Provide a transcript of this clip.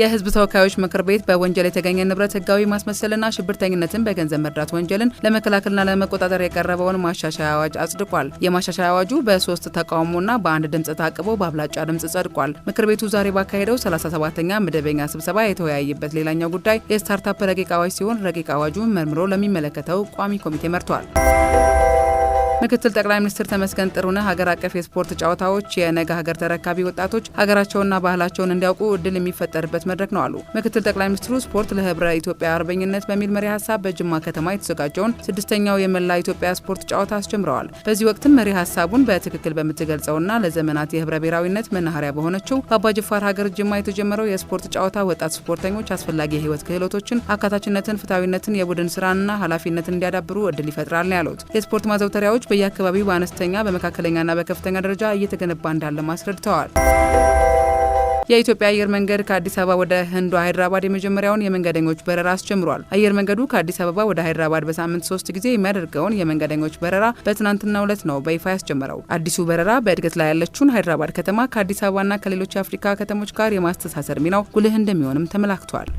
የህዝብ ተወካዮች ምክር ቤት በወንጀል የተገኘ ንብረት ህጋዊ ማስመሰልና ሽብርተኝነትን በገንዘብ መርዳት ወንጀልን ለመከላከልና ለመቆጣጠር የቀረበውን ማሻሻያ አዋጅ አጽድቋል። የማሻሻያ አዋጁ በሶስት ተቃውሞና በአንድ ድምፅ ታቅቦ በአብላጫ ድምፅ ጸድቋል። ምክር ቤቱ ዛሬ ባካሄደው 37ኛ መደበኛ ስብሰባ የተወያየበት ሌላኛው ጉዳይ የስታርታፕ ረቂቅ አዋጅ ሲሆን ረቂቅ አዋጁን መርምሮ ለሚመለከተው ቋሚ ኮሚቴ መርቷል። ምክትል ጠቅላይ ሚኒስትር ተመስገን ጥሩነህ ሀገር አቀፍ የስፖርት ጨዋታዎች የነገ ሀገር ተረካቢ ወጣቶች ሀገራቸውንና ባህላቸውን እንዲያውቁ እድል የሚፈጠርበት መድረክ ነው አሉ። ምክትል ጠቅላይ ሚኒስትሩ ስፖርት ለህብረ ኢትዮጵያ አርበኝነት በሚል መሪ ሀሳብ በጅማ ከተማ የተዘጋጀውን ስድስተኛው የመላ ኢትዮጵያ ስፖርት ጨዋታ አስጀምረዋል። በዚህ ወቅትም መሪ ሀሳቡን በትክክል በምትገልጸውና ለዘመናት የህብረ ብሔራዊነት መናኸሪያ በሆነችው በአባጅፋር ሀገር ጅማ የተጀመረው የስፖርት ጨዋታ ወጣት ስፖርተኞች አስፈላጊ የህይወት ክህሎቶችን፣ አካታችነትን፣ ፍትሐዊነትን፣ የቡድን ስራንና ኃላፊነትን እንዲያዳብሩ እድል ይፈጥራል ነው ያሉት። የስፖርት ማዘውተሪያዎች በየአካባቢው በአነስተኛ በመካከለኛና በከፍተኛ ደረጃ እየተገነባ እንዳለም አስረድተዋል። የኢትዮጵያ አየር መንገድ ከአዲስ አበባ ወደ ህንዷ ሃይድራባድ የመጀመሪያውን የመንገደኞች በረራ አስጀምሯል። አየር መንገዱ ከአዲስ አበባ ወደ ሃይድራባድ በሳምንት ሶስት ጊዜ የሚያደርገውን የመንገደኞች በረራ በትናንትናው ዕለት ነው በይፋ ያስጀመረው። አዲሱ በረራ በእድገት ላይ ያለችውን ሃይድራባድ ከተማ ከአዲስ አበባና ከሌሎች የአፍሪካ ከተሞች ጋር የማስተሳሰር ሚናው ጉልህ እንደሚሆንም ተመላክቷል።